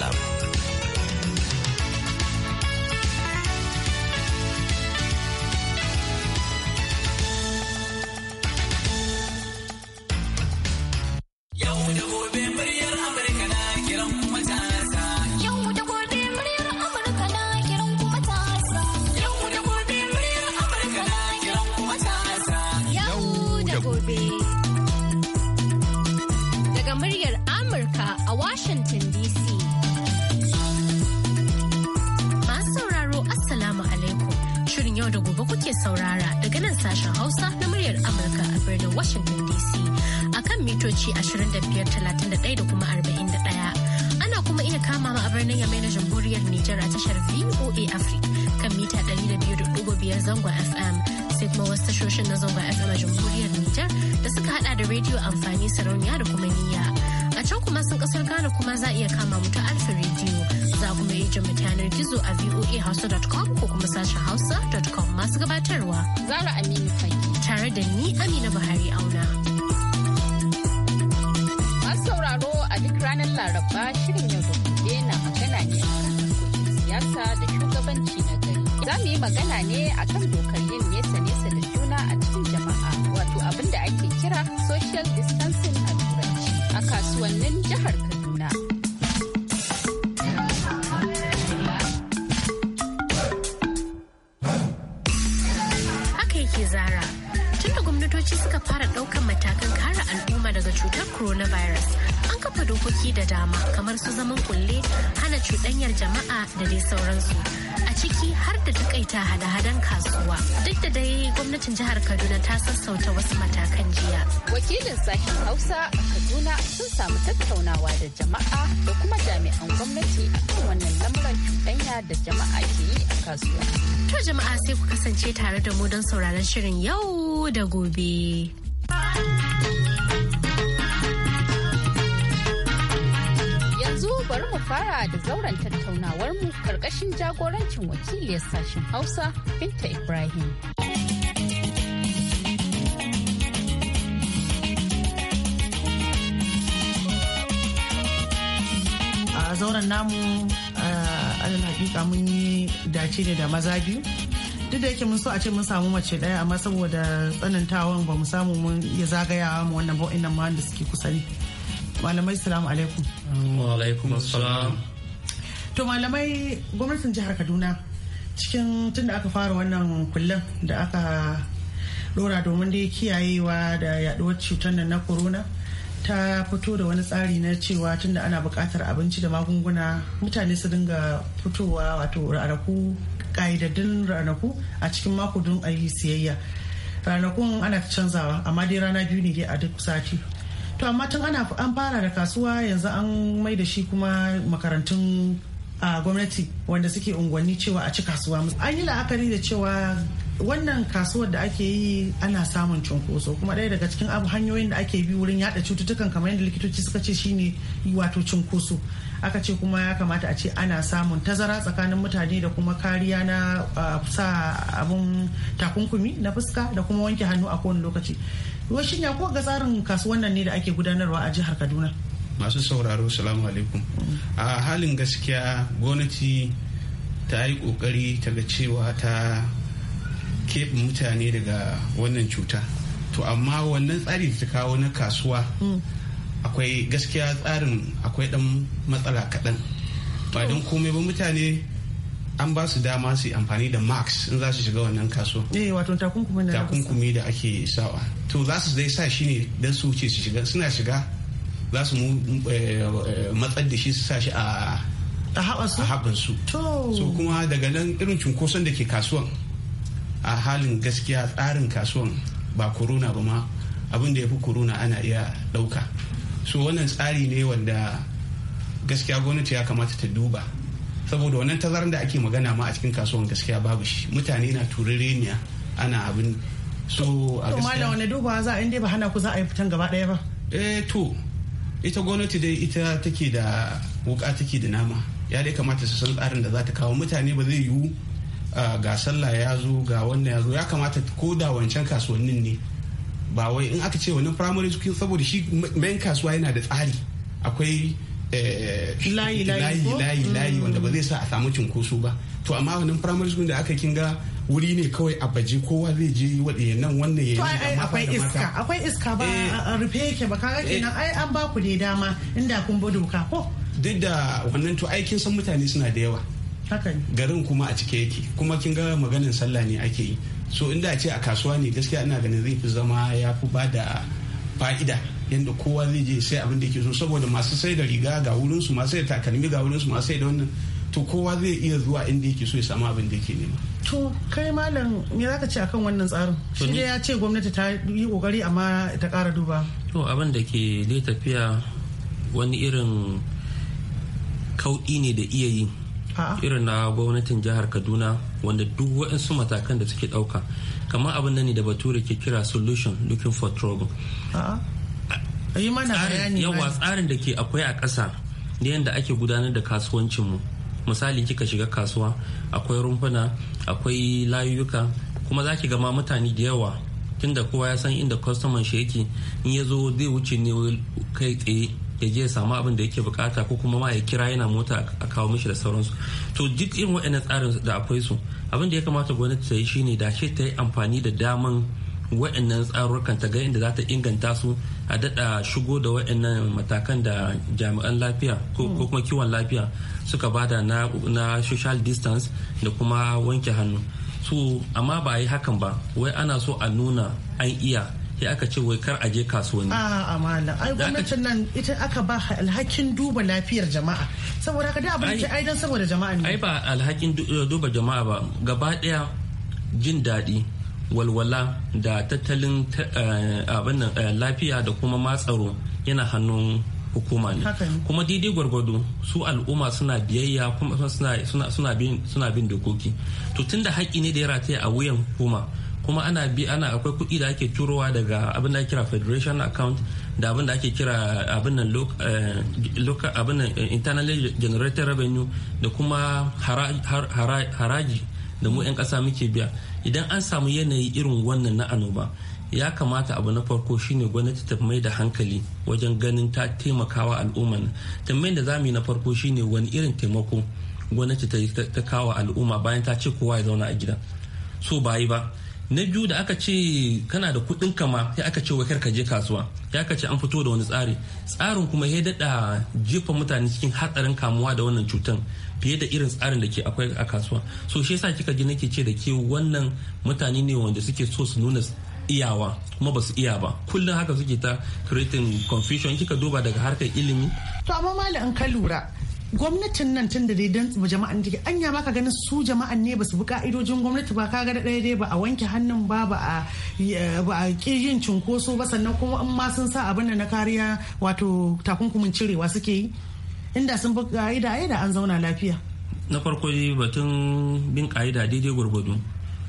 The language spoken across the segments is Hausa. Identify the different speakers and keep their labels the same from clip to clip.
Speaker 1: love.
Speaker 2: amfani sarauniya da kuma niyya a can kuma sun kasar Ghana kuma za iya kama mu ta alfa rediyo za kuma yi jin yanar gizo a voahausa.com ko kuma sashen hausa.com masu gabatarwa zara aminu fage tare da ni amina buhari auna. sauraro a duk ranar laraba shirin yau
Speaker 3: da na magana ne a siyasa da shugabanci na gari. Za mu yi magana ne akan dokar yin nesa-nesa da juna kasuwannin jihar Kaduna.
Speaker 2: Haka yake zara, tunda gwamnatoci suka fara ɗaukan matakan da cutar coronavirus an kafa dokoki da dama kamar su zaman kulle hana cuɗanyar jama'a da dai sauransu a ciki har da takaita hada-hadan kasuwa duk da dai gwamnatin jihar kaduna ta sassauta wasu matakan jiya
Speaker 3: wakilin sahin hausa a kaduna sun samu tattaunawa da jama'a da kuma jami'an gwamnati a kan wannan lamuran cuɗanya da jama'a ke yi a kasuwa
Speaker 2: to jama'a sai ku kasance tare da mu don sauraron shirin yau da gobe.
Speaker 3: fara da zauren tattaunawar mu karkashin jagorancin wakiliyar sashen Hausa Binta Ibrahim.
Speaker 1: A zauren namu alal hakika mun yi dace ne da maza biyu. duk da yake mun so a ce mun samu mace daya amma saboda tsanantawan ba mu samu mun ya zagayawa mu wannan ba'o'in nan da suke kusa ne malamai salamu alaikum to malamai gwamnatin jihar kaduna cikin tunda aka fara wannan kullum da aka dora domin dai kiyayewa da yaduwar cutar nan na corona ta fito da wani tsari na cewa da ana bukatar abinci da magunguna mutane su dinga fitowa wato ranaku ƙa'idaddun ranaku a cikin mako don ayi siyayya ranakun ana canzawa amma dai rana biyu ne dai a duk sati to amma tun ana an fara da kasuwa yanzu an mai da shi kuma makarantun a gwamnati wanda suke unguwanni cewa a ci kasuwa an yi la'akari da cewa wannan kasuwar da ake yi ana samun cunkoso kuma ɗaya daga cikin abu hanyoyin da ake bi wurin yada cututtukan kamar yadda likitoci suka ce shi shine wato cunkoso aka ce kuma ya kamata a ce ana samun tazara tsakanin mutane da kuma kariya na sa abun takunkumi na fuska da kuma wanke hannu a kowane lokaci Washin ya ko ga tsarin kasuwannan ne da ake gudanarwa a jihar Kaduna?
Speaker 4: Masu sauraro salamu alaikum. A halin gaskiya gwamnati ta yi kokari ta ga cewa ta keɓe mutane daga wannan cuta. To amma wannan tsari da ta kawo na kasuwa hmm. akwai gaskiya tsarin akwai ɗan matsala kaɗan. Ba don komai ba mutane an ba su dama su amfani da max in za su shiga wannan kaso eh wato takunkumi da takunkumi da ake sawa to za su zai sa shi ne dan su wuce su shiga suna shiga za su eh, matsar da shi su sa shi a a haɓansu so kuma daga nan irin cunkoson da ke kasuwan a halin gaskiya tsarin kasuwan ba corona ba ma abin da ya fi corona ana iya ɗauka so wannan tsari ne wanda gaskiya gwamnati ya kamata ta duba saboda wannan tazarar da ake magana ma a cikin kasuwan gaskiya babu shi mutane na ne ana abin so a gaskiya to wani
Speaker 1: duba za a inda ba hana ku za a yi
Speaker 4: fitan gaba daya ba eh to ita gwamnati dai ita take da wuka take da nama ya dai kamata su san tsarin da za ta kawo mutane ba zai yiwu ga sallah ya zo ga wannan ya zo ya kamata ko da wancan kasuwannin ne ba wai in aka ce wani firamare saboda shi main kasuwa yana da tsari akwai Eh, layi layi layi mm. wanda ba zai sa a samu cinkoso ba to amma wannan primary school da aka kinga wuri ne kawai a baje kowa zai je yi waɗe nan wannan ya yi akwai iska
Speaker 1: akwai iska ba eh. a rufe yake ba kaga eh. kenan ai an ba ku da dama inda kun bi doka ko
Speaker 4: duk da wannan to aikin san mutane suna da yawa garin kuma a cike yake kuma kin ga maganin sallah ne ake yi so inda ce a kasuwa ne gaskiya ina ganin zai fi zama ya fi ba da fa'ida yadda kowa zai je sai abin da ke so saboda masu sai da riga ga wurin su masu sai da takalmi ga wurin su masu sai da wannan to kowa zai iya zuwa inda yake so ya samu abin da yake nema
Speaker 1: to kai malam me zaka ce akan wannan tsarin shi ne ya ce gwamnati ta yi kokari amma ta kara
Speaker 5: duba to abin da ke ne tafiya wani irin kauɗi ne da iya yi irin na gwamnatin jihar kaduna wanda duk waɗansu matakan da suke ɗauka kamar abin da ne da bature ke kira solution looking for trouble yawa tsarin da ke akwai a ƙasa da yadda ake gudanar da kasuwancinmu misali kika shiga kasuwa akwai rumfuna akwai layuka kuma za ki gama mutane da yawa tunda kowa ya san inda kwastoman shi yake in ya zo zai wuce ne kai tsaye ya je ya samu abin da yake bukata ko kuma ma ya kira yana mota a kawo mishi da sauransu to duk irin waɗannan tsarin da akwai su abin da ya kamata gwamnati ta yi shine da shi ta yi amfani da daman wa'annan tsarukan ta ga inda za ta inganta su a daɗa shigo da wa'annan matakan da jami'an lafiya ko kuma kiwon lafiya suka bada na social distance da kuma wanke hannu su amma ba yi hakan ba wai ana so a nuna an iya ya aka ce wai kar a je kasuwanni.
Speaker 1: A amala, ai gwamnatin nan ita aka ba alhakin duba lafiyar jama'a. Saboda haka da abin ce ai dan saboda jama'a ne. Ai
Speaker 5: ba alhakin duba jama'a ba, gaba daya jin daɗi walwala da tattalin eh, eh, lafiya da kuma matsaro yana hannun hukuma ne kuma daidai gwargwado su al'umma suna biyayya kuma suna bin dokoki to tunda haƙƙi ne da ya rataya a wuyan hukuma kuma ana bi ana akwai kuɗi da ake turowa daga abin da kira federation account da abin da ake kira abin nan eh, internal generated revenue da kuma haraji da mu 'yan ƙasa muke biya idan an samu yanayi irin wannan na annoba ya kamata abu na farko shine gwamnati ta mai da hankali wajen ganin ta taimakawa al'umma tambayin da zamu yi na farko shine wani irin taimako gwamnati ta kawo al'umma bayan ta ce kowa ya zauna a gida so ba ba na biyu da aka ce kana da kuɗin kama ya aka ce wai ka je kasuwa ya aka ce an fito da wani tsari tsarin kuma ya daɗa jefa mutane cikin hatsarin kamuwa da wannan cutan fiye da irin tsarin da ke akwai a kasuwa so shi yasa kika ji nake ce da ke wannan mutane ne wanda suke so su nuna iyawa kuma ba su iya ba kullum haka suke ta creating confusion kika duba daga harkar ilimi
Speaker 1: to amma malam in ka lura gwamnatin nan tun da dai don jama'an take anya ka ganin su jama'an ne ba su bi ka'idojin gwamnati ba ka ga da daya dai ba a wanke hannun ba ba a ba a yin cunkoso ba sannan kuma in ma sun sa abin da na kariya wato takunkumin cirewa suke yi inda sun bi ka'ida da an zauna lafiya
Speaker 5: na farko batun bin ka'ida daidai gwargwado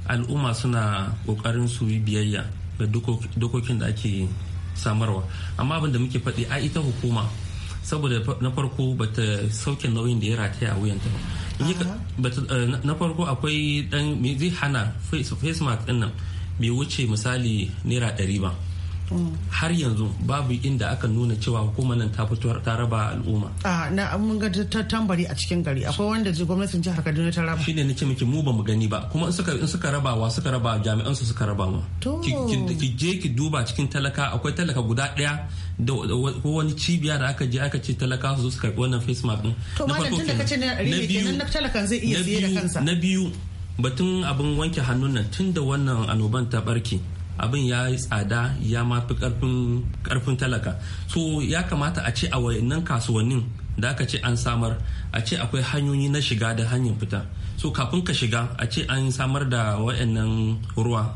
Speaker 5: al'umma suna kokarin su yi biyayya ga dokokin da ake samarwa amma abin da muke faɗi a ita hukuma saboda na farko bata sauke nauyin da ya rataya a wuyanta eh, na farko akwai dan zai hana face mask ɗin nan bai wuce misali naira ɗari ba har yanzu babu inda aka nuna cewa hukumar nan ta fito ta raba al'umma
Speaker 1: a na mun ga ta tambari a cikin gari akwai wanda gwamnatin jihar Kaduna ta raba
Speaker 5: shine nace miki mu bamu gani ba kuma in suka in suka suka raba jami'an su suka raba mu ki je ki duba cikin talaka akwai talaka guda daya da ko wani cibiya da aka je aka ce talaka su suka karbi wannan face mask din to malam tun da kace na biyu na
Speaker 1: talakan zai iya siye da
Speaker 5: kansa na biyu batun abin wanke hannun nan tun da wannan annoban ta barke abin ya yi tsada ya mafi karfin talaka so ya kamata a ce a wayannan kasuwannin da aka ce an samar a ce akwai hanyoyi na shiga da hanyar fita so kafin ka shiga a ce an samar da wayannan ruwa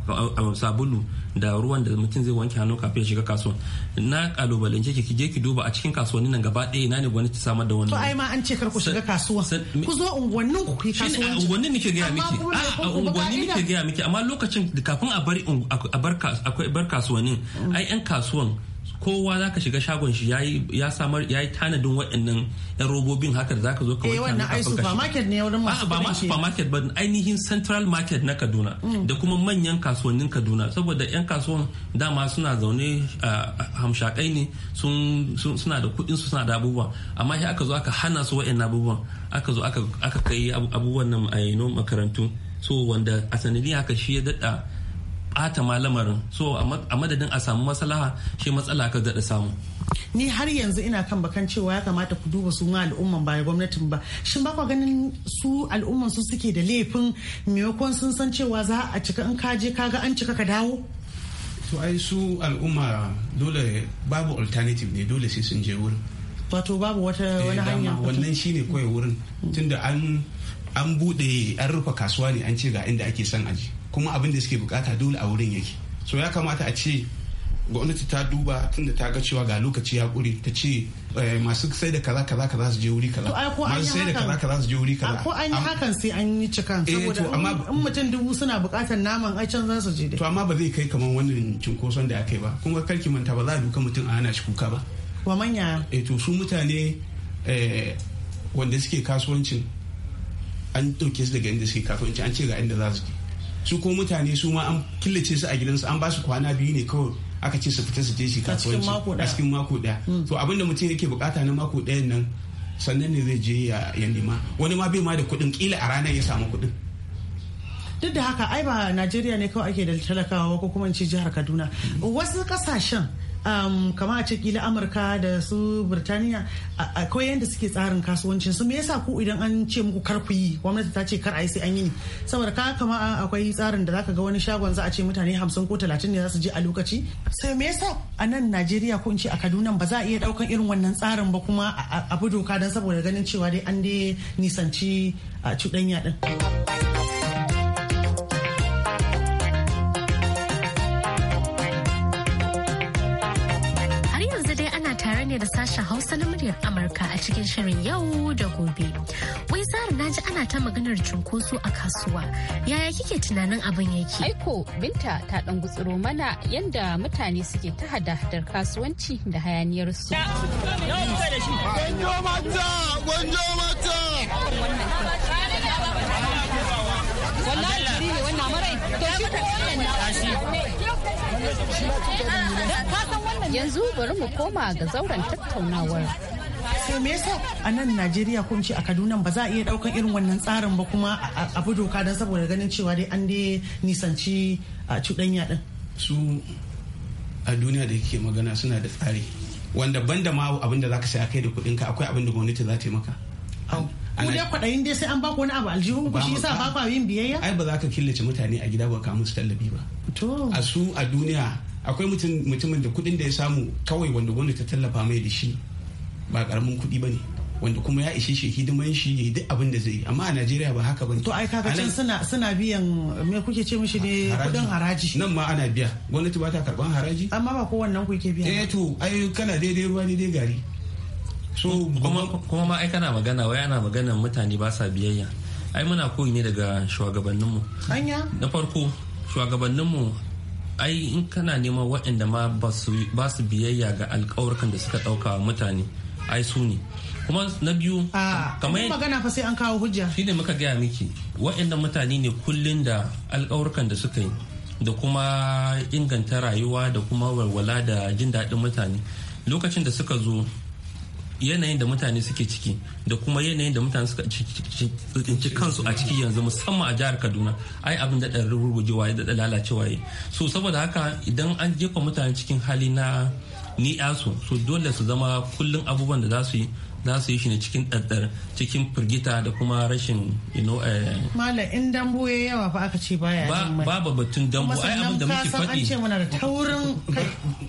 Speaker 5: sabulu da ruwan da mutum zai wanke hannu kafin ya shiga kasuwan na kalubalance ki je ki duba a cikin kasuwanni nan gaba ɗaya na ne ta samar da wannan to ai ma an ce kar ku shiga kasuwa ku
Speaker 1: zo unguwannin ku kai kasuwa unguwannin nake gaya miki ah, a unguwannin nake gaya
Speaker 5: miki amma lokacin kafin a bar a bar kasuwannin ai yan kasuwan kowa zaka shiga shagon shi yayi ya samar yayi tanadin waɗannan yan robobin haka da zaka zo ka eh, wanke wannan ai supermarket
Speaker 1: ne wurin masu ba ma supermarket
Speaker 5: ba ainihin central market na Kaduna mm. da kuma manyan kasuwannin Kaduna saboda yan kasuwan dama suna zaune hamshakai ne sun suna da kuɗin su suna da abubuwa amma sai aka zo aka hana su waɗannan abubuwan aka zo aka kai abubuwan nan a makarantu so wanda a sanadin haka shi ya daɗa bata ma lamarin so a madadin a samu maslaha shi matsala ka daɗa samu
Speaker 1: ni har yanzu ina kan bakan cewa ya kamata ku duba su al'umman ba gwamnatin ba shin ba ganin su al'umman su suke da laifin maimakon sun san cewa za a cika in kaje kaga an cika ka dawo
Speaker 4: to ai su al'umma dole babu alternative ne dole sai sun je wurin wato babu wata eh, wani hanya wannan shine kawai wurin tunda an an an rufe kasuwa ne an ce ga inda ake son aji kuma abin da suke bukata dole a wurin yake so ya kamata a ce gwamnati ta duba tun da ta ga cewa ga lokaci ya kure ta ce eh, masu sai da kaza kaza kaza su je wuri kaza masu sai da kaza kaza su je wuri kaza ko an yi hakan sai an yi cikan eh, saboda in mutum dubu suna buƙatar naman a can za su je dai to amma ba zai kai kamar wannan cinkoson da aka yi ba kuma karki manta ba za a duka mutum a hana shi kuka ba wa manya eh to su mutane eh, wanda suke kasuwancin an ɗauke su daga inda suke kasuwanci an ce ga inda za su je su ko mutane su ma an killace su a gidansu an ba su kwana biyu ne kawai aka ce su fita su je shi kasuwanci a cikin mako daya hmm. to abinda mutum yake bukata na mako dayan nan sannan ne zai je ya nema wani ma bai ma da kuɗin kila a ranar ya samu kuɗin
Speaker 1: duk da haka ai ba najeriya ne kawai ake da talakawa ko kuma in ce jihar kaduna hmm. wasu kasashen um, kama a cikin amurka da su birtaniya akwai yadda suke tsarin kasuwancin su me yasa ku idan an ce muku kar ku yi gwamnati ta ce kar a yi sai an yi saboda ka kama akwai tsarin da zaka ga wani shagon za a ce mutane hamsin ko talatin ne za su je a lokaci sai me yasa a nan najeriya ko in ce a kaduna ba za a iya daukan irin wannan tsarin ba kuma a bi doka don saboda ganin cewa dai an dai nisanci a cuɗanya din.
Speaker 2: ne da sashen Hausa na muryar Amurka a cikin shirin yau da gobe. Wai Zara na ji ana ta maganar cunkoso a kasuwa. Yaya kike tunanin
Speaker 3: abin yake? Aiko Binta ta ɗan gutsuro mana yanda mutane suke ta hada-hadar kasuwanci da hayaniyar su.
Speaker 5: Wannan Yanzu
Speaker 1: bari mu koma ga zauren tattaunawar. sai me yasa a nan Najeriya ko ce a Kaduna ba za a iya daukan irin wannan tsarin ba kuma a bi doka don saboda ganin cewa dai an dai
Speaker 4: nisanci a cuɗanya din. Su a duniya da yake magana suna da tsari wanda banda ma abin da ka sai kai da kuɗinka ka akwai abin da gwamnati za ta yi maka. ku dai
Speaker 1: kwaɗayin dai sai an baku wani abu aljihun ku shi yasa
Speaker 4: ba ku yin biyayya ai ba za ka killace mutane a gida ba ka musu tallafi ba to a su a duniya akwai mutumin da kuɗin da ya samu kawai wanda gwamnati ta tallafa mai da shi ba karamin kuɗi ba ne wanda kuma ya ishe shi hidiman shi ya yi duk abin da zai yi amma a Najeriya ba haka ne. to ai kaga can
Speaker 1: suna suna biyan me kuke ce
Speaker 4: mishi ne kudin haraji nan ma ana biya gwamnati ba ta karban haraji amma ba kowannan ku yake biya eh to
Speaker 5: ai kana daidai ruwa daidai gari su kuma ma aika na magana wai na maganan mutane ba sa biyayya ai muna koyi ne daga shugabanninmu na farko shugabanninmu ai in kana neman waɗanda ma ba su biyayya ga alkawarkan da suka ɗauka mutane ai su ne kuma na biyu kamar magana fa sai an kawo hujja Shi ne muka gaya miki waɗanda mutane ne kullun da alkawarkan da suka yi da kuma inganta rayuwa da kuma walwala da jin daɗin mutane lokacin da suka zo yanayin da mutane suke ciki da kuma yanayin da mutane suka tsinci kansu a ciki yanzu musamman a jihar kaduna ai abin da ɗan rurgujewa ya da lalacewa yi so saboda haka idan an jefa mutane cikin hali na ni'asu so dole su zama kullum abubuwan da za su yi Na su yi shi ne cikin ɗaddar cikin firgita da kuma rashin you know eh,
Speaker 1: malam in dambu ya yawa ba aka ce baya ya.
Speaker 5: Ba ba batun dambu ai abin da muke faɗi an ce
Speaker 1: muna da taurin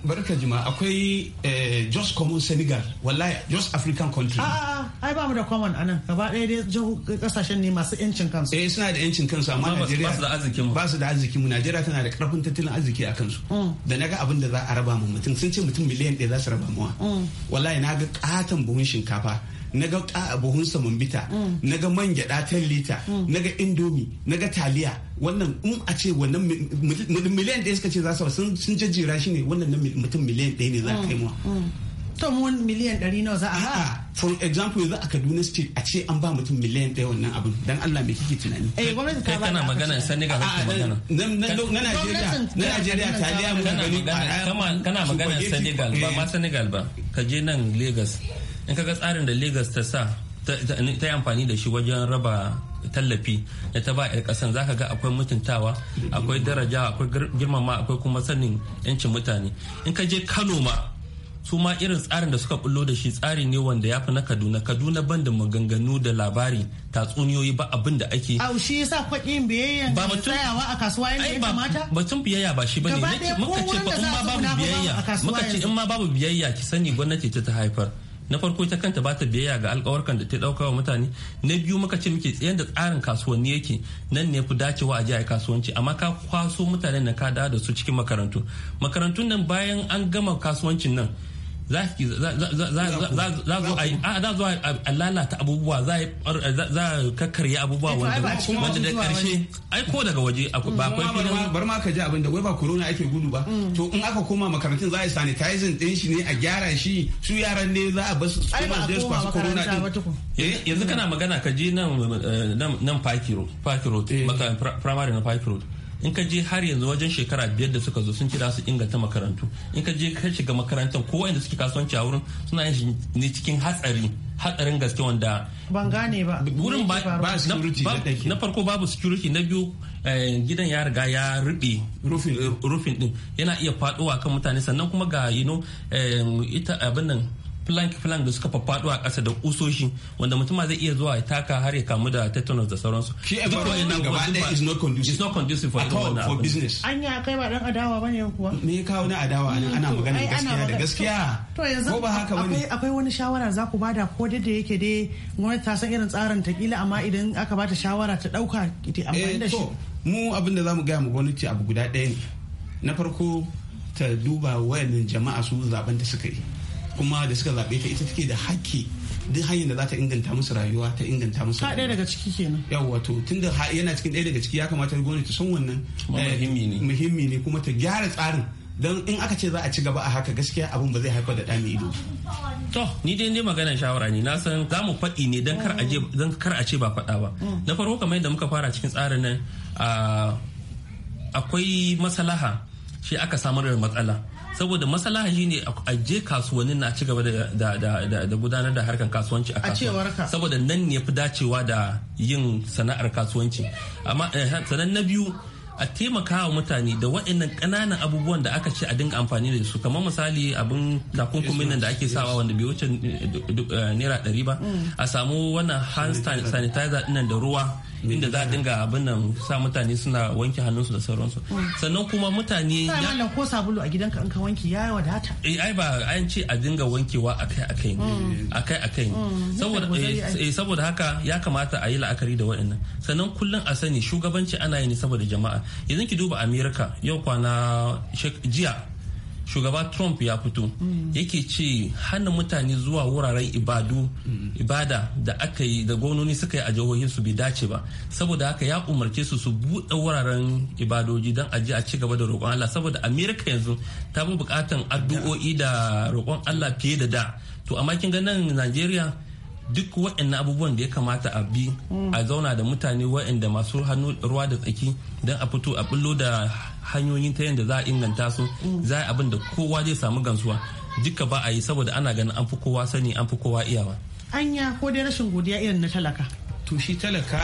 Speaker 5: barka jima akwai
Speaker 4: eh, just common senegal wallahi just african country a
Speaker 1: ai ba mu da common anan
Speaker 4: gaba ɗaya dai kasashen ne masu yancin kansu eh suna da yancin kansu amma Najeriya ba su da arzikin mu ba su da arzikin mu Najeriya tana da karfin tattalin arziki a kansu mm. da naga abin da za a raba mu mutum sun ce mutum miliyan ɗaya za su raba mu mm. wallahi na ga katon buhun shinkafa shinkafa na ga buhun saman bita mm. ga man gyada ta lita mm. ga indomi na ga taliya wannan in a ce wannan miliyan ɗaya suka ce za su sun jajjera shi ne wannan mutum miliyan ɗaya ne za ka mm. kai mu to mu miliyan ɗari nawa za a ha for example yanzu a Kaduna state a ce an ba mutum miliyan ɗaya wannan abin dan Allah me kike tunani
Speaker 5: eh gwamnati ta kana magana san ne ga magana
Speaker 4: na Najeriya na Najeriya taliya mu gani
Speaker 5: kana magana Senegal ba ma eh. Senegal ba ka je nan Lagos in kaga tsarin da lagos ta sa ta yi amfani da shi wajen raba tallafi da ta ba 'yar kasan zaka ga akwai mutuntawa akwai daraja akwai girmama akwai kuma sanin yancin mutane in ka je kano ma su ma irin tsarin da suka bullo da shi tsari ne wanda ya fi na kaduna kaduna ban da maganganu da labari tatsuniyoyi ba abin da ake au
Speaker 1: shi yasa kwaɗin biyayya ba mutum tsayawa a kasuwa yanda ya kamata
Speaker 5: batun biyayya ba shi bane muka ce ba in ma babu biyayya muka ce in ma babu biyayya ki sani gwamnati ta ta haifar na farko ita kanta ba ta biyayya ga alkawarkan da ta dauka wa mutane na biyu muka ce muke tsayen da tsarin kasuwanni yake nan ne fi dacewa a jihar kasuwanci amma ka kwaso mutanen na ka da su cikin makarantu makarantun nan bayan an gama kasuwancin nan za zo a lalata abubuwa za a kakkarya abubuwa eh, wanda da karshe ai ko daga waje ba akwai
Speaker 4: filin bar ma ka ji abin da wai ba corona ake gudu ba mm. to in aka koma makarantun za a yi sanitizing din shi ne a gyara shi su yaran ne za a basu su ma je su kwasu corona din
Speaker 5: eh? yanzu kana magana ka je nan eh, nan fakiro fakiro primary na fakiro in ka je har yanzu wajen shekara biyar da suka zo sun ce za su inganta makarantu in ka je ka shiga makarantar ko wanda suke kasuwanci a wurin suna yin ne cikin hatsari hatsarin gaske wanda ban gane ba wurin ba security na farko babu security na biyu eh, gidan ya riga ya rube rufin din yana iya faduwa kan mutane sannan kuma ga you know eh, ita abin nan plank plank da suka faɗo a ƙasa da usoshi wanda mutum zai iya zuwa ya taka har ya kamu da tetanus da sauransu. Shi environment nan gaba ɗaya is not conducive. It's not conducive for at all for business.
Speaker 4: An ya kai ba dan adawa bane kuwa. Me ya kawo na adawa ana ana magana gaskiya da gaskiya.
Speaker 1: To yanzu ko ba haka ne? Akwai wani shawara za ku bada ko da da yake dai wani ta san irin
Speaker 4: tsarin ta kila amma idan aka bata shawara ta ɗauka ita amfani da eh, shi. Mu abin da za mu gaya mu gwamnati abu guda ɗaya ne. Na farko ta duba wayannan jama'a su zaben da suka yi. kuma da suka zaɓe ta ita take da haƙƙi duk hanyar da za ta inganta musu rayuwa ta inganta musu rayuwa. ɗaya daga ciki kenan. Yawwa to da yana cikin ɗaya daga ciki ya kamata gwamnati ta san wannan. Eh, muhimmi ne. Muhimmi ne kuma ta gyara tsarin. Don in aka ce za a ci gaba a haka gaskiya abin ba zai
Speaker 5: haifar da ɗani ido. To ni dai dai maganar shawara ne na san za mu faɗi ne don kar a don kar a ce ba faɗa ba. Mm. Na farko kamar yadda muka fara cikin tsarin nan ah, akwai masalaha shi aka samar da matsala. saboda shi ne a je kasuwannin na ci gaba da gudanar da harkar kasuwanci a kasuwa saboda nan ne fi dacewa da yin sana'ar kasuwanci amma eh, sanan na biyu a taimaka wa mutane da waɗannan ƙananan abubuwan da aka ce a dinga amfani da su kamar misali abin takunkumin nan da ake sawa wanda bai wuce eh, eh, naira ɗari ba mm. a samu wannan hand sanitizer ɗinnan da ruwa inda za a dinga abin nan sa mutane suna wanke hannunsu da sauransu sannan kuma mutane ya
Speaker 1: nan ko sabulu a gidanka in ka wanke ya wadata
Speaker 5: eh ai ba an ce a dinga wankewa akai akai mm. akai akai mm. saboda eh, eh, saboda haka ya kamata a yi la'akari da waɗannan sannan kullum a sani shugabanci ana yi ne saboda jama'a yanzu ki duba America yau kwana jiya shugaba trump ya fito yake ce hana mutane zuwa wuraren ibada da aka yi da gwamnoni suka yi a jihohin su bai dace ba saboda haka ya umarce su su buɗe wuraren ibadoji don a ji a ci gaba da roƙon allah saboda amerika yanzu ta bi buƙatan addu'o'i da roƙon allah fiye da da to amma kin ga nan najeriya duk waɗannan abubuwan da ya kamata a bi a zauna da mutane waɗanda masu hannu ruwa da tsaki don a fito a bullo da hanyoyin ta yadda za a inganta su za a abin da kowa zai samu gamsuwa duka ba a yi saboda ana ganin an fi kowa sani an fi kowa iyawa
Speaker 1: anya ko dai rashin godiya irin na talaka
Speaker 5: to shi talaka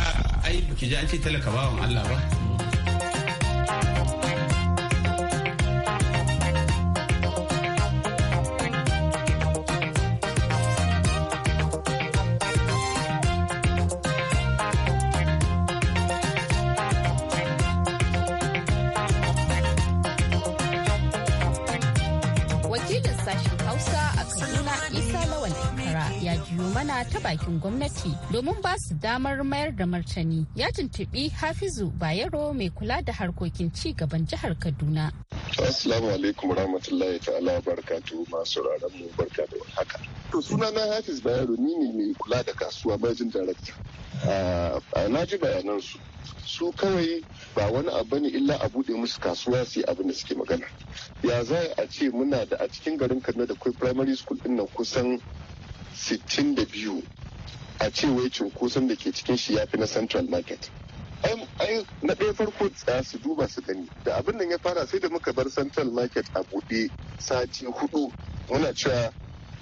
Speaker 5: ai baki ji an ce talaka bawan Allah ba
Speaker 3: ta bakin gwamnati domin ba su damar mayar da martani ya tuntubi hafizu bayero mai kula da harkokin ci gaban jihar kaduna
Speaker 6: assalamu alaikum rahmatullahi ta'ala barkatu masu raran mu barka da haka to suna na hafiz bayero ni ne mai kula da kasuwa majin darakta ah, na ji bayanan su su kawai ba wani abu ne illa a bude musu kasuwa sai abu abin da suke magana ya za a ce muna da a cikin garin kaduna da kai primary school din nan kusan sittin 62 a cewa cunkoson da ke cikin shi ya fi na central market ai na ɗaya farko tsaya su duba su gani da abin nan ya fara sai da muka bar central market a buɗe sati hudu muna cewa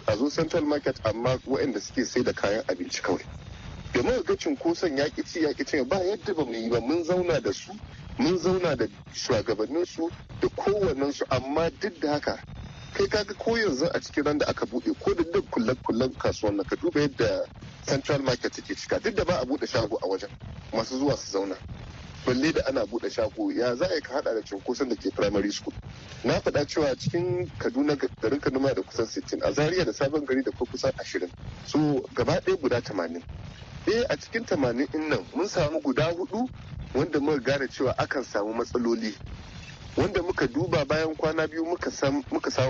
Speaker 6: a zo central market amma waɗanda suke sai da kayan abinci kawai da muka ga cunkoson ya ci ya ci ba yadda ba mu yi ba mun zauna da su mun zauna da shugabanninsu da kowannensu amma duk da haka kai kaga ko yanzu a cikin ran da aka bude ko da duk kullen-kullen kasuwan na ka duba yadda central market take cika duk da ba a bude shago a wajen masu zuwa su zauna balle da ana bude shago ya za a ka hada da cunkoson da ke primary school na faɗa cewa cikin kaduna garin kaduna da kusan sittin, a Zariya da sabon gari da kusan 20 so gaba ɗaya guda tamanin. eh a cikin tamanin din nan mun samu guda hudu wanda muka gane cewa akan samu matsaloli wanda muka duba bayan kwana biyu muka samu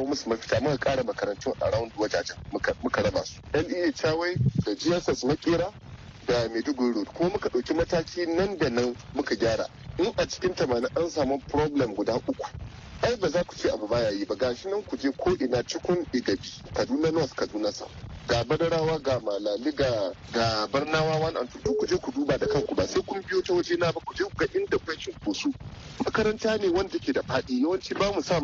Speaker 6: musu mafita muka kara makarantun a round wajajen muka raba su lea chawai da gss makera da maiduguri road kuma muka ɗauki mataki nan da nan muka gyara in a cikin tamanin an samu problem guda uku ai ba za ku ce abu baya yi ba gashi nan ku je ko ina cikin igabi kaduna north kaduna south ga badarawa ga malali ga ga barnawa wani an tutu ku je ku duba da kanku ba sai kun biyo ta waje na ba ku je ku ga inda ko su makaranta ne wanda ke da faɗi yawanci ba mu sa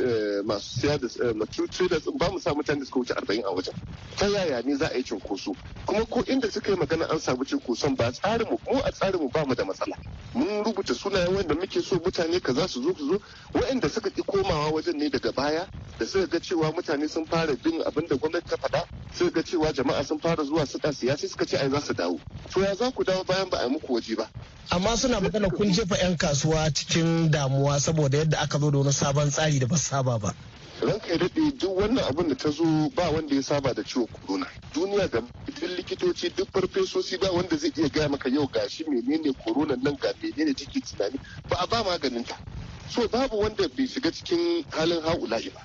Speaker 6: eh, masu siya da eh, matutu da ba mu sa mutane suka wuce arba'in a wajen ta yaya ne za a yi cunkoso kuma ko inda suka yi magana an samu cunkoson ba tsarin mu ko a tsarin mu ba mu da matsala mun rubuta sunayen wanda muke so mutane kaza su zo su zo waɗanda suka ki komawa wajen ne daga baya da suka ga cewa mutane sun fara bin abin da gwamnati ta faɗa sai sai ga cewa jama'a sun fara zuwa su siya siyasi suka ce ai za su dawo to ya za ku dawo bayan ba a yi muku waje ba
Speaker 7: amma suna magana kun jefa 'yan kasuwa cikin damuwa saboda yadda aka zo da wani sabon tsari da ba saba ba
Speaker 6: ranka kai daɗe duk wannan abin da ta zo ba wanda ya saba da ciwon corona duniya ga duk likitoci duk farfesosi ba wanda zai iya gaya maka yau gashi menene corona nan ga menene take tunani ba a ba maganin ta so babu wanda bai shiga cikin halin ha'ula'i ba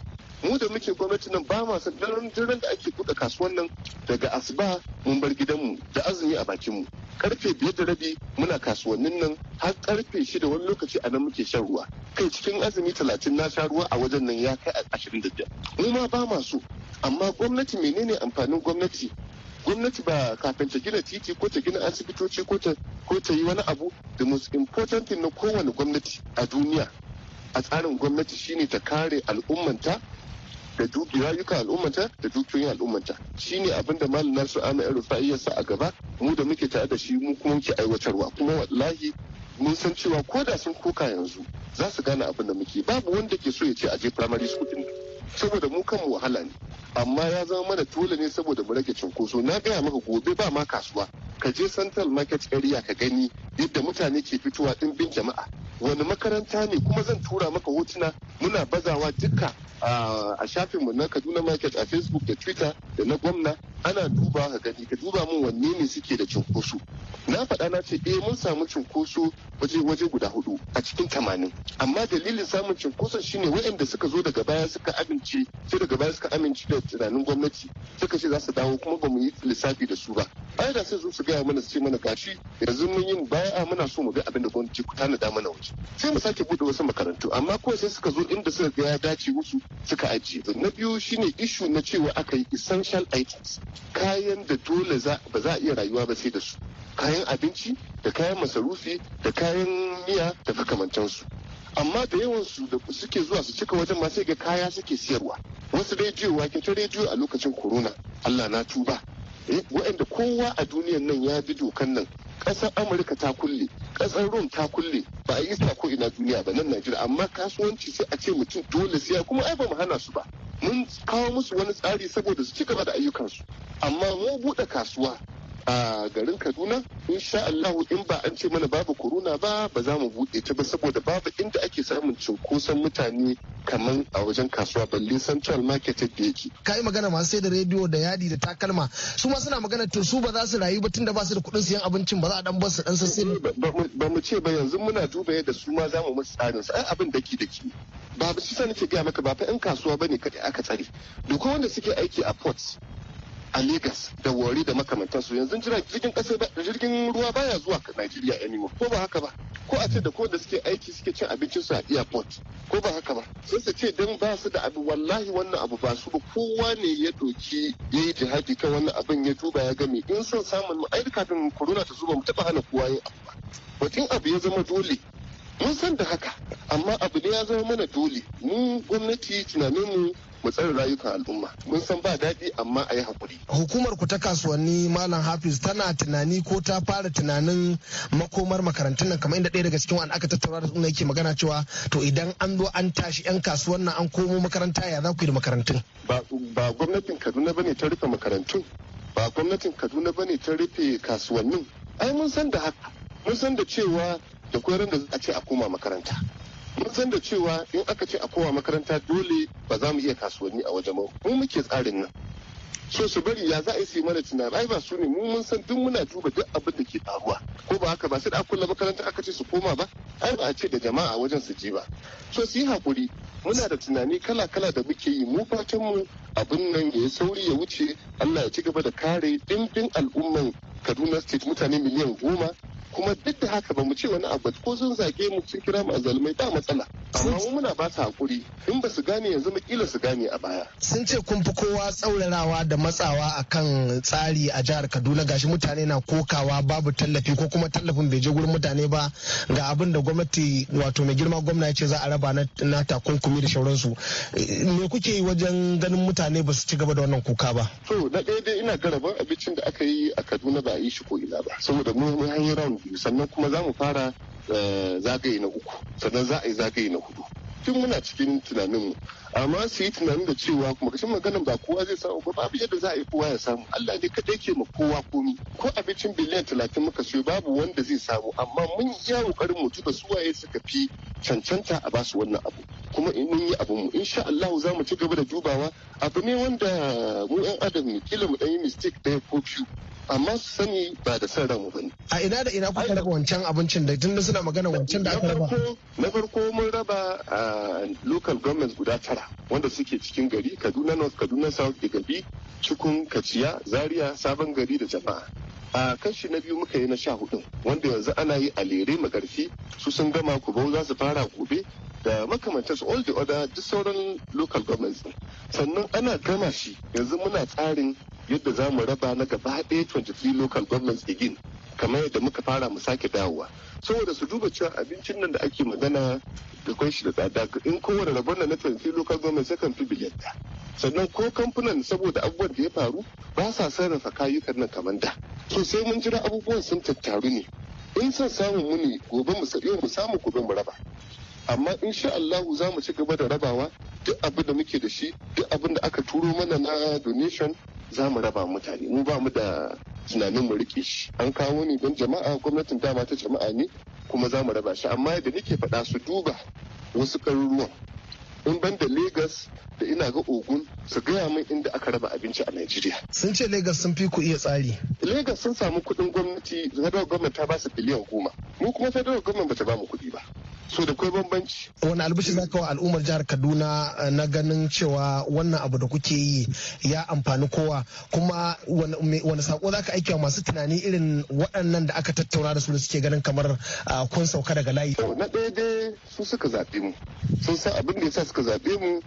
Speaker 6: mu da muke gwamnati nan ba ma daren jiran da ake buɗe kasuwan nan daga asuba mun bar gidanmu da azumi a bakin mu karfe biyar da rabi muna kasuwannin nan har karfe shida wani lokaci a nan muke shan ruwa kai cikin azumi talatin na sha ruwa a wajen nan ya kai ashirin da biyar mu ma ba ma so amma gwamnati menene amfanin gwamnati gwamnati ba kafin ta gina titi ko ta gina asibitoci ko ta ko ta yi wani abu the most important thing na kowane gwamnati a duniya a tsarin gwamnati shine ta kare al'ummanta da dukiyar rayuka al'ummata da dukiyoyin al'ummata shi ne abin da malam nasu ana yin rufa'i iya sa a gaba mu da muke tare da shi mu kuma muke aiwatarwa kuma wallahi mun san cewa ko da sun koka yanzu za su gane abin da muke babu wanda ke so ya ce a je primary school din saboda mu kanmu wahala ne amma ya zama mana dole ne saboda mu rage cunkoso na gaya maka gobe ba ma kasuwa ka je central market area ka gani yadda mutane ke fitowa bin jama'a wani makaranta ne kuma zan tura maka hotuna muna bazawa duka a shafinmu na kaduna market a facebook da twitter da na gwamna ana duba ka gani ka duba mun wanne ne suke da cunkoso na faɗa na ce eh mun samu cunkoso waje waje guda hudu a cikin tamanin amma dalilin samun cunkoso shine waɗanda suka zo daga baya suka amince sai daga baya suka amince da tunanin gwamnati suka ce za su dawo kuma ba mu yi lissafi da su ba ai da sai su su gaya mana su mana gashi yanzu mun yi baya muna so mu ga abin da gwamnati ku tanada mana waje sai mu sake bude wasu makarantu amma kawai sai suka zo inda suka ga ya dace musu suka ajiye na biyu shine ishu na cewa aka yi essential items kayan da dole ba za a iya rayuwa ba sai da su kayan abinci da kayan masarufi da kayan miya da makamantansu amma da yawan su da suke zuwa su cika wajen ma sai ga kaya suke siyarwa wasu rediyo wake ta rediyo a lokacin corona Allah na tuba waɗanda kowa a duniyan nan ya bi dokan nan ƙasar amurka ta kulle ƙasar rom ta kulle ba a yi sa ko ina duniya ba nan najeriya amma kasuwanci sai a ce mutum dole sai kuma ai ba mu hana su ba mun kawo musu wani tsari saboda su ci gaba da ayyukansu amma mu buɗe kasuwa a garin Kaduna insha Allah in ba an ce mana babu corona ba ba za mu buɗe ta ba saboda babu inda ake samun cunkoson mutane kamar a wajen kasuwa balle central market da yake. Ka magana
Speaker 7: masu sai da rediyo da yadi da takalma su ma suna magana to su ba za su rayu ba tunda ba su da kuɗin siyan
Speaker 6: abincin ba za a dan bar su dan sai Ba mu ce ba yanzu muna duba yadda su ma za mu musu tsarin su abin daki daki. Ba su sa nake gaya maka ba fa 'yan kasuwa bane kada aka tsare. Duk wanda suke aiki a ports a Legas da Wari da makamantansu yanzu jirgin kasa jirgin ruwa baya zuwa Najeriya anymore ko ba haka ba ko a ce da ko da suke aiki suke cin abincin su a airport ko ba haka ba sai su ce dan ba su da abu wallahi wannan abu ba su ba kowa ne ya doki yi jihadi kan wannan abin ya duba ya gami. in son samun mu ai kafin corona ta zuba mu taba hana kowa yin abu ba batun abu ya zama dole mun san da haka amma abu ne ya zama mana dole mu gwamnati tunanin mu mu tsare rayukan al'umma mun san ba daɗi amma a yi hakuri.
Speaker 7: hukumar ku ta kasuwanni malam hafiz tana tunani ko ta fara tunanin makomar makarantun nan kamar inda ɗaya daga cikin wani aka tattara da suna yake magana cewa to idan an zo an tashi yan kasuwan nan an komo makaranta ya za ku yi da makarantun.
Speaker 6: ba gwamnatin kaduna bane ta rufe makarantun ba gwamnatin kaduna bane ta rufe kasuwannin ai mun san da haka mun san da cewa da koyar da a ce a koma makaranta mun san da cewa in aka ce a kowa makaranta dole ba za mu iya kasuwanni a wajen mu muke tsarin nan so su bari ya za a yi su mana tunan ai ba su ne mu mun san duk muna duba duk abin da ke faruwa ko ba haka ba sai da aka kulle makaranta aka ce su koma ba ai ba a ce da jama'a wajen su je ba so su yi hakuri muna da tunani kala kala da muke yi mu fatan mu abin nan ya sauri ya wuce Allah ya ci gaba da kare dimbin al'umman Kaduna state mutane miliyan goma kuma duk da haka ba mu ce wani abu ko sun zage mu sun kira mu azalmai da matsala amma mu muna ba su hakuri in ba su gane yanzu kila su gane a baya sun ce kun fi kowa
Speaker 7: tsaurarawa da matsawa akan tsari a jihar Kaduna gashi mutane na kokawa babu tallafi ko kuma tallafin bai je gurin mutane ba ga abin da gwamnati wato mai girma gwamna ya ce za a raba na takunkumi da shauransu me kuke yi wajen ganin mutane ba su ci gaba da wannan kuka ba
Speaker 6: to na ɗaya dai ina garaban abincin da aka yi a Kaduna ba a yi shi ko ina ba saboda mun hanyar round biyu sannan kuma za mu fara eh, zagaye na uku sannan za a yi zagaye na hudu tun muna cikin tunaninmu amma su yi tunanin da cewa kuma kashin maganin ba kowa zai samu ba babu yadda za a yi kowa ya samu Allah ne kadai ke ma kowa komi ko abincin biliyan talatin muka siyo babu wanda zai samu amma mun iya kokarin mu tuka su waye suka fi cancanta a basu wannan abu kuma in mun yi abin mu insha Allah za mu ci gaba da dubawa abu ne wanda mu yan adam ne kila mu dan yi mistake ɗaya ko biyu amma su sani ba da son ranmu bane
Speaker 7: a ina da ina kuka raba wancan abincin da tunda suna magana wancan da aka raba
Speaker 6: na farko mun raba local governments guda tara wanda suke cikin gari Kaduna North Kaduna South Igabi Cikun Kaciya Zaria Sabon Gari da Jama'a a kashi na biyu muka yi na sha hudu wanda yanzu ana yi a lere magarfi su sun gama ku kubau za su fara gobe da makamantar su all the other duk sauran local governments sannan ana gama shi yanzu muna tsarin yadda za mu raba na gaba ɗaya 23 local governments again kamar yadda muka fara mu sake dawowa saboda su duba cewa abincin nan da ake magana da kwai shi da tsada in kowane rabon na 23 local government kan fi biliyan sannan ko kamfunan saboda abubuwan da ya faru ba sa sarrafa kayukan nan kamar da so sai mun jira abubuwan sun tattaru ne in son samun muni gobe mu mu samu gobe mu raba amma insha Allah za mu ci gaba da rabawa duk abin da muke da shi duk abin da aka turo mana na donation za mu raba mutane mu ba mu da tunanin mu rike shi an kawo ni don jama'a gwamnatin dama ta jama'a ne kuma za mu raba shi amma yadda nake faɗa su duba wasu ƙaruruwan in ban da Legas da ina ga Ogun su gaya min inda aka raba abinci a Najeriya. Sun ce Legas sun fi ku iya tsari. Legas sun samu kuɗin gwamnati, federal government ta ba su biliyan goma. Mu kuma federal government ba ta ba mu kuɗi ba. so da kwai bambanci.
Speaker 7: Wani albishi za ka wa al'ummar jihar Kaduna eh, na ganin cewa wannan abu da kuke yi ya amfani kowa kuma wani sako za ka aiki masu tunani irin waɗannan da aka tattauna da su da suke ganin kamar ah, kun sauka daga layi. Na ɗaya dai su suka zaɓe
Speaker 6: mu sun san abin da yasa suka zaɓe mu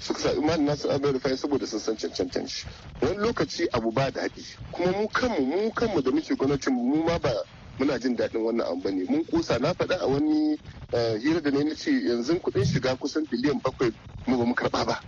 Speaker 6: suka zaɓi malam nasu abin rufai saboda sun san cancantan shi wani lokaci abu ba daɗi kuma mu kanmu mu kanmu da muke gwamnatin mu ma ba muna jin daɗin wannan abu ne mun kusa na faɗa a wani eh, hira da ne na ce yanzu kuɗin shiga kusan biliyan bakwai mu ba mu karɓa ba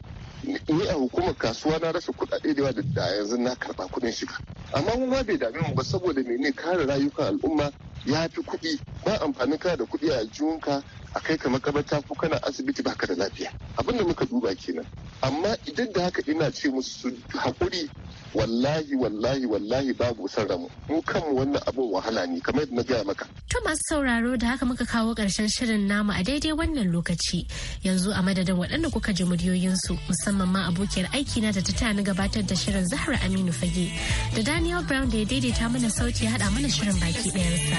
Speaker 6: ni a hukumar kasuwa na rasa kuɗaɗe da yawa da yanzu na karɓa kuɗin shiga amma mu ma bai dame mu ba saboda mene kare rayukan al'umma ya fi kuɗi ba amfanin ka da kuɗi a junka a kai ka makabarta ko kana asibiti baka da lafiya abin da muka duba kenan amma idan da haka ina ce musu hakuri haƙuri wallahi wallahi wallahi babu san ramu mu kanmu wannan abin wahala ne kamar yadda na gaya maka
Speaker 2: to masu sauraro da haka muka kawo karshen shirin namu a daidai wannan lokaci yanzu a madadin waɗanda kuka ji muryoyinsu musamman ma abokiyar aiki na da ta tani gabatar da shirin Zahra Aminu Fage da Daniel Brown da ya daidaita mana sauti ya haɗa mana shirin baki ɗayansa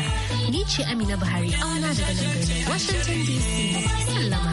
Speaker 2: ni ce Amina Buhari auna daga nan Washington DC.